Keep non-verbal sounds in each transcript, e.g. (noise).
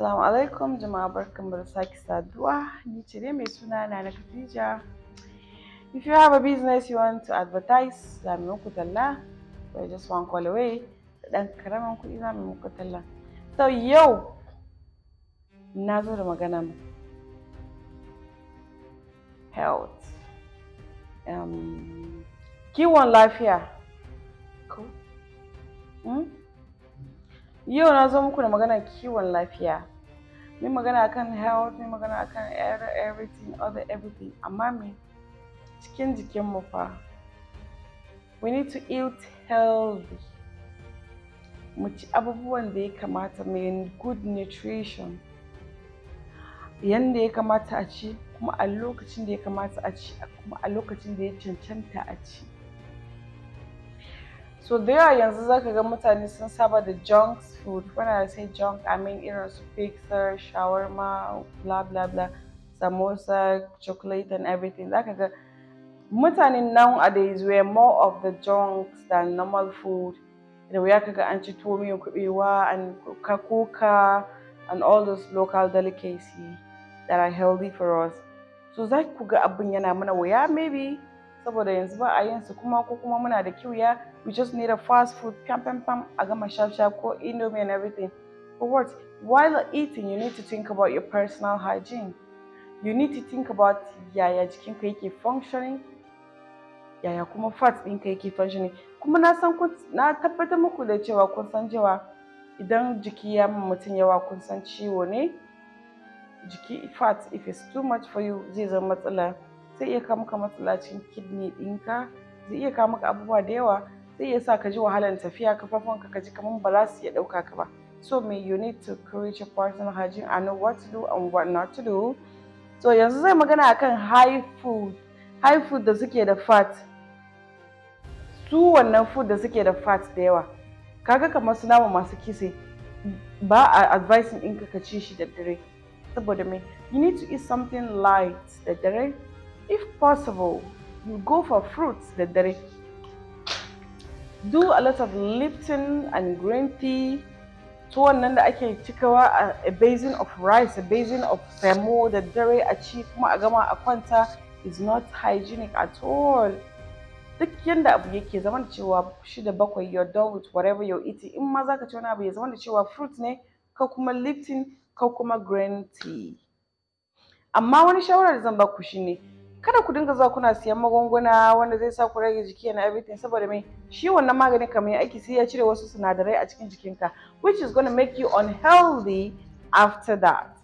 Assalamu alaikum jama'a barkanmu da sake saduwa ni ce dai mai suna Nana Khadija If you have a business you want to advertise za mu muku talla so just one call away da dan karamin kuɗi za mu muku talla So yau na zo da maganan health um, kiwon lafiya ko cool. mm? Yau na zo muku da magana kiwon lafiya. Mun magana akan health, mun magana akan everything, other everything. Amma me cikin jikinmu fa. We need to eat healthy. Mu ci abubuwan da ya kamata mai good nutrition. Yanda ya kamata a ci, kuma a lokacin da ya kamata a ci, kuma a lokacin da ya cancanta a ci. so da yawa yanzu zaka ga mutane sun saba da junk food when i say junk i mean irin su pizza shawarma bla bla bla samosa chocolate and everything zaka ga mutane nowadays we're more of the junks than normal food da wuya kaga an ci tuwo miyan kubewa and kakoka and all those local delicacies that are healthy for us so za ku ga abin yana mana wuya maybe saboda yanzu ba a yin su kuma ko kuma muna da kiwiya we just need a fast food pam pam pam a gama shaf shaf ko indomie and everything but what while eating you need to think about your personal hygiene you need to think about yaya jikinka yake functioning yaya kuma fat ɗinka yake functioning kuma na san na tabbatar muku da cewa kun san cewa idan jiki ya mutum yawa kun san ciwo ne jiki fat if it's too much for you zai zama matsala zai iya kawo maka matsalacin kidney ɗinka zai iya kawo maka abubuwa da yawa zai iya sa ka ji wahalar tafiya kafafunka ka ji kamar ba za su iya ɗauka ka ba so me you need to create a personal hygiene and know what to do and what not to do so yanzu zai magana akan high food high food da suke da fat su wannan food da suke da fat da yawa kaga kamar su nama masu kitse ba a advising ɗinka ka ci shi da dare saboda me you need to eat something light da dare If possible, go for fruits da dare. Do a lot of Lipton and green tea. To nan da ake cikawa a basin of rice, a basin of semo da dare a ci kuma a gama a kwanta is not hygienic at all. Duk yanda abu yake zama da cewa shida bakwai you're done with whatever you're eating in ma ka ci wani abu ya zama da cewa fruit ne ka kuma Lipton ka kuma green tea. Amma wani shawarar zan baku ne. kada ku dinga zuwa kuna siyan magunguna wanda zai sa ku rage jiki na everything saboda me shi wannan maganin kamar aiki sai ya cire wasu sinadarai a cikin jikinka which is gonna make you unhealthy after that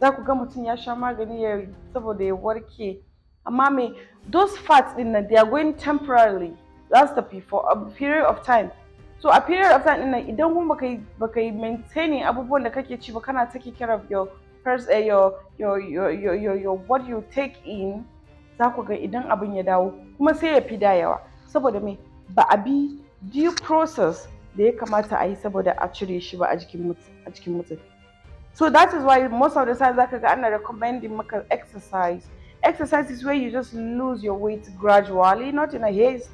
za ku ga mutum ya sha magani ya saboda ya warke amma me those fats din nan they are going temporarily that's the for a period of time so a period of time din nan idan kuma baka yi maintaining abubuwan da kake ci ba kana take care of your first uh, your, your, your, your, your, your what you take in za ku ga idan abin ya dawo kuma sai ya fi da yawa saboda me ba a bi due process da ya kamata a yi saboda a cire shi ba a jikin mutum so that is why most of the time zaka ga ana recommending maka exercise exercise is where you just lose your weight gradually not in a haste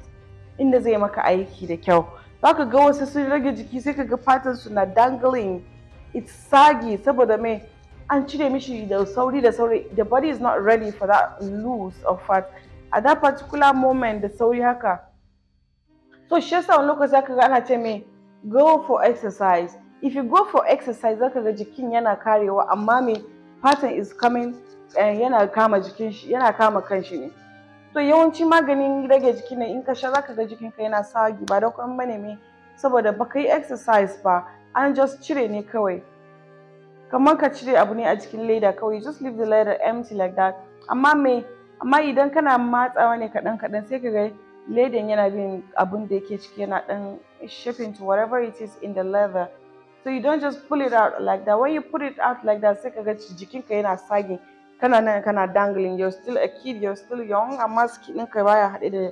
inda zai maka aiki da kyau zaka ga wasu sun rage jiki sai ka ga fatan su na dangling it's saggy saboda me an cire mishi da sauri da sauri the body is not ready for that loose of fat at that particular moment da sauri haka so shi yasa wani lokaci aka ga ana ce me go for exercise if you go for exercise zaka ga jikin yana karewa amma me fatan is coming eh, yana kama jikin shi yana kama kanshi ne so yawanci maganin rage jikin ne in ka sha zaka ga jikin ka yana sagi ba da kuma bane me saboda baka yi exercise ba an just cire ne kawai kamar ka cire abu ne a cikin leda kawai just leave the leda empty like that amma me amma idan kana matsawa ne kaɗan kaɗan sai ka ga ledan yana bin abun da yake ciki yana ɗan shaping to whatever it is in the leather so you don't just pull it out like that when you put it out like that sai ka ga jikinka yana sagging kana nan kana dangling you're still a kid you're still young amma skin, ɗinka baya haɗe da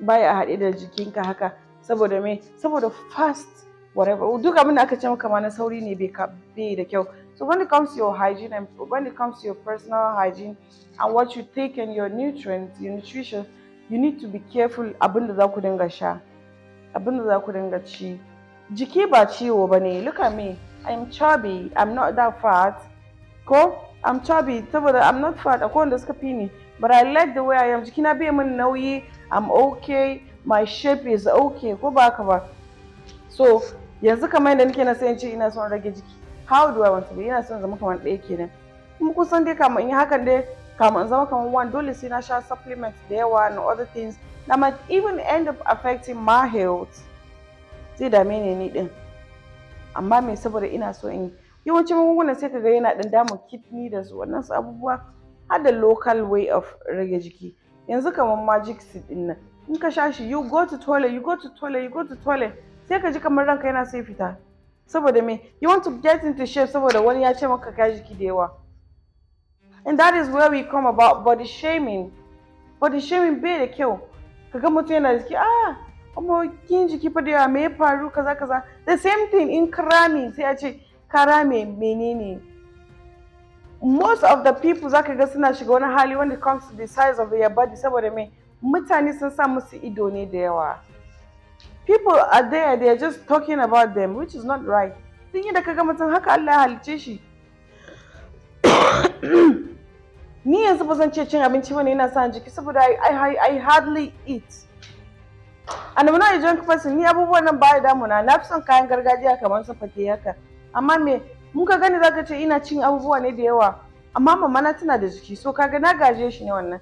baya haɗe da jikinka haka saboda me saboda fast whatever duk abin da aka ce maka ma na sauri ne bai da kyau so when it comes to your hygiene and when it comes to your personal hygiene and what you take and your nutrients, your nutrition, you need to be careful abin da za ku dinga sha, abin da za ku dinga ci. Jiki ba ciwo look at me, I'm chubby, I'm not that fat. Ko? I'm chubby, saboda I'm not fat, akwai wanda suka fi ni. But I like the way I am, jikina bai min nauyi, I'm okay, my shape is okay, ko ba haka ba. So, yanzu kamar yadda nake na sai in ce ina son rage jiki. how do I want to be ina son zama kamar ɗaya kenan kuma kusan dai kamar in hakan dai kamar in zama kamar one dole sai na sha supplements da yawa na other things na might even end up affecting my health zai dame ni ni din amma me saboda ina so in yawancin magungunan sai ka ga yana ɗan damun kidney da su wannan su abubuwa har da local way of rage jiki yanzu kamar magic seed din nan in ka sha shi you go to toilet you go to toilet you go to toilet sai ka ji kamar ranka yana sai fita saboda me you want to get into shape saboda wani ya ce maka ka jiki da yawa and that is where we come about body shaming body shaming bai da kyau kaga mutum yana jiki ah amma kin jiki fa da yawa me ya faru kaza kaza the same thing in karami sai a ce karami menene most of the people zaka ga suna shiga wani hali when it comes to the size of their body saboda me mutane sun sa musu ido ne da yawa people are there they are just talking about them which is not right da ka kaga mutum haka Allah ya halice shi (coughs) ni yanzu ba zan ce cin abinci bane yana sa jiki saboda I, I, hardly eat and when I drink person ni abubuwan nan baya damuna na fi son kayan gargajiya kamar su fate haka amma me mun ka gani zaka ce ina cin abubuwa ne da yawa amma mama na tana da jiki so kaga na gaje shi ne wannan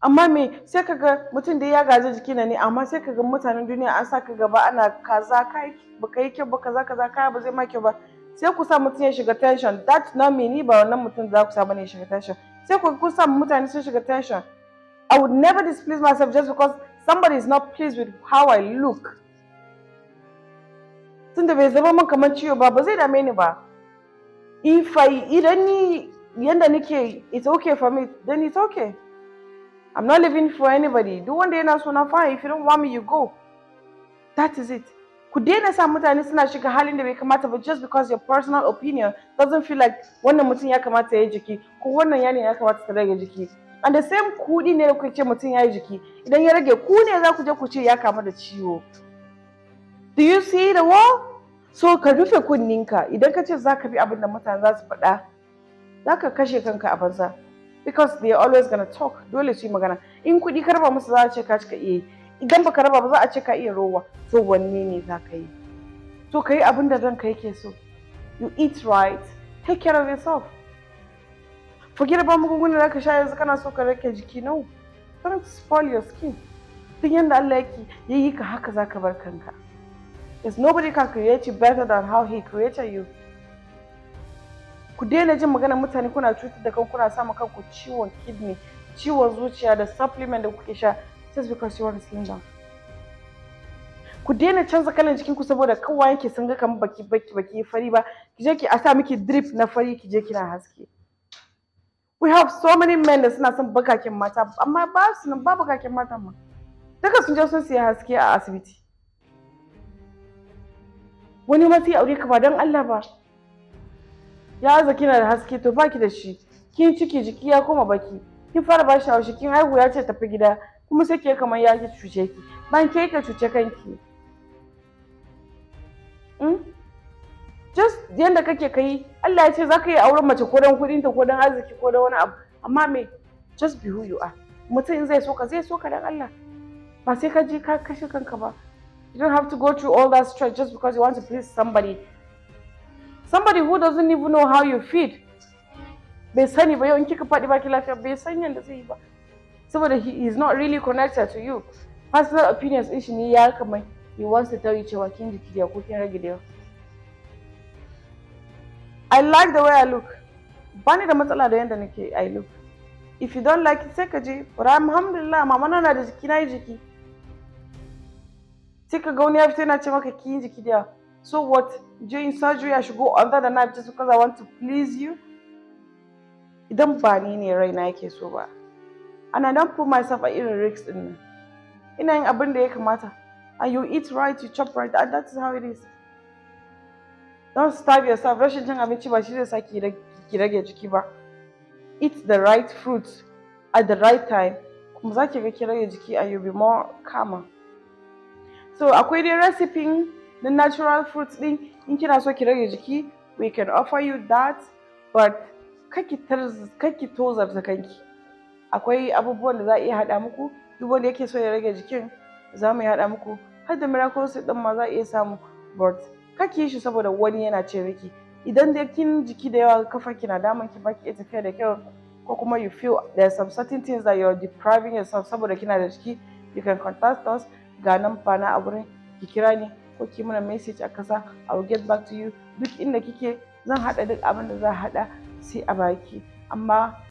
amma me sai kaga mutum da ya gaji jiki na ne amma sai kaga mutanen duniya an saka gaba ana kaza kai baka yi kyau ba kaza kaza kai ba zai ma kyau ba sai ku sa mutum ya shiga tension that na me ni ba wannan mutum za ku sa bane ya shiga tension sai ku ku sa mutane sun shiga tension I would never displease myself just because somebody is not pleased with how I look tunda bai zama min kamar ciwo ba ba zai dame ni ba if I idan ni yanda nake it's okay for me then it's okay I'm not living for anybody. Duk wanda yana so na fine. If you don't want me, you go. That is it. Ku daina sa mutane suna shiga halin da bai kamata ba just because your personal opinion doesn't feel like wannan mutum ya kamata ya yi jiki ko wannan ya kamata ta rage jiki. And the same kuɗi ne da kuke ce mutum ya yi jiki idan ya rage ku ne za ku je ku ce ya kama da ciwo. Do you see the wall? So ka rufe kunninka idan ka ce za ka bi abin da mutane za su faɗa za ka kashe kanka a banza. because they are always tok talk dole su magana in kudi ka raba musu za a ce ka cika iya idan baka raba ba za a ce ka iya rowa to wanne ne za ka yi to kai abin da ranka yake so you eat right take care of yourself forget about magungunan da ka sha yanzu kana so ka rake jiki no don't spoil your skin tun yanda Allah yake yayi ka haka zaka bar kanka is nobody can create you better than how he created you ku daina jin magana mutane kuna cutar da kan kuna samun kanku ciwon kidney ciwon zuciya da supplement da kuke sha just because you are slim down ku daina canza kalan jikin ku saboda kawai yake sun ga kamar baki baki baki fari ba ki je ki a sa miki drip na fari ki je kina haske we have so many men da suna son bakakin mata amma ba su nan ba bakakin mata ma duka sun je sun siya haske a asibiti wani ma sai aure ka ba don Allah ba ya aza kina da haske to baki da shi kin ciki jiki ya koma baki kin fara ba shi haushi kin haihu ya ce tafi gida kuma sai ke kamar ya ki cuce ki ban ke ka cuce kanki hmm? just yanda kake kai Allah ya ce za ka yi auren mace ko dan kudin ta ko dan arziki ko dan wani abu amma me just be who you are mutum zai so ka zai so ka dan Allah ba sai ka je ka kashe kanka ba you don't have to go through all that stress just because you want to please somebody somebody who doesn't even know how you feed bai sani ba yau in kika faɗi baki lafiya bai san yadda zai yi ba saboda he is not really connected to you personal opinions din shi ne ya kamar he wants to tell you cewa kin jiki da ko kin rage da I like the way I look bani da matsala da yadda nake I look if you don't like it sai ka je but alhamdulillah mama na da jiki na yi jiki sai ka ga wani ya fita yana ce maka ki kin jiki da yawa So what? During surgery, I should go under the knife just because I want to please you? Idan ba ni ne raina yake so ba. And I don't put myself a irin risk din nan. Ina yin abin da ya kamata. And you eat right, you chop right, and that is how it is. Don't starve yourself. Rashin cin abinci ba shi zai sa ki rage jiki ba. Eat the right fruit at the right time. Kuma za ki ga rage jiki and you'll be more calmer. So akwai dai recipe na natural fruits din in kina so ki rage jiki we can offer you that but kaki tozarta kanki akwai abubuwan da za a iya haɗa muku duk wanda yake so ya rage jikin za mu haɗa muku har da miracles din ma za a iya samu but kaki yi shi saboda wani yana ce miki idan da kin jiki da yawa kafa kina damar ki baki ita tafiya da kyau ko kuma you feel there some certain things that you are depriving yourself saboda kina da jiki you can contact us ga nan fa na a wurin ki kira ni ko ki mana message a kasa I will get back to you duk inda kike zan haɗa duk abin da za a haɗa sai a baki amma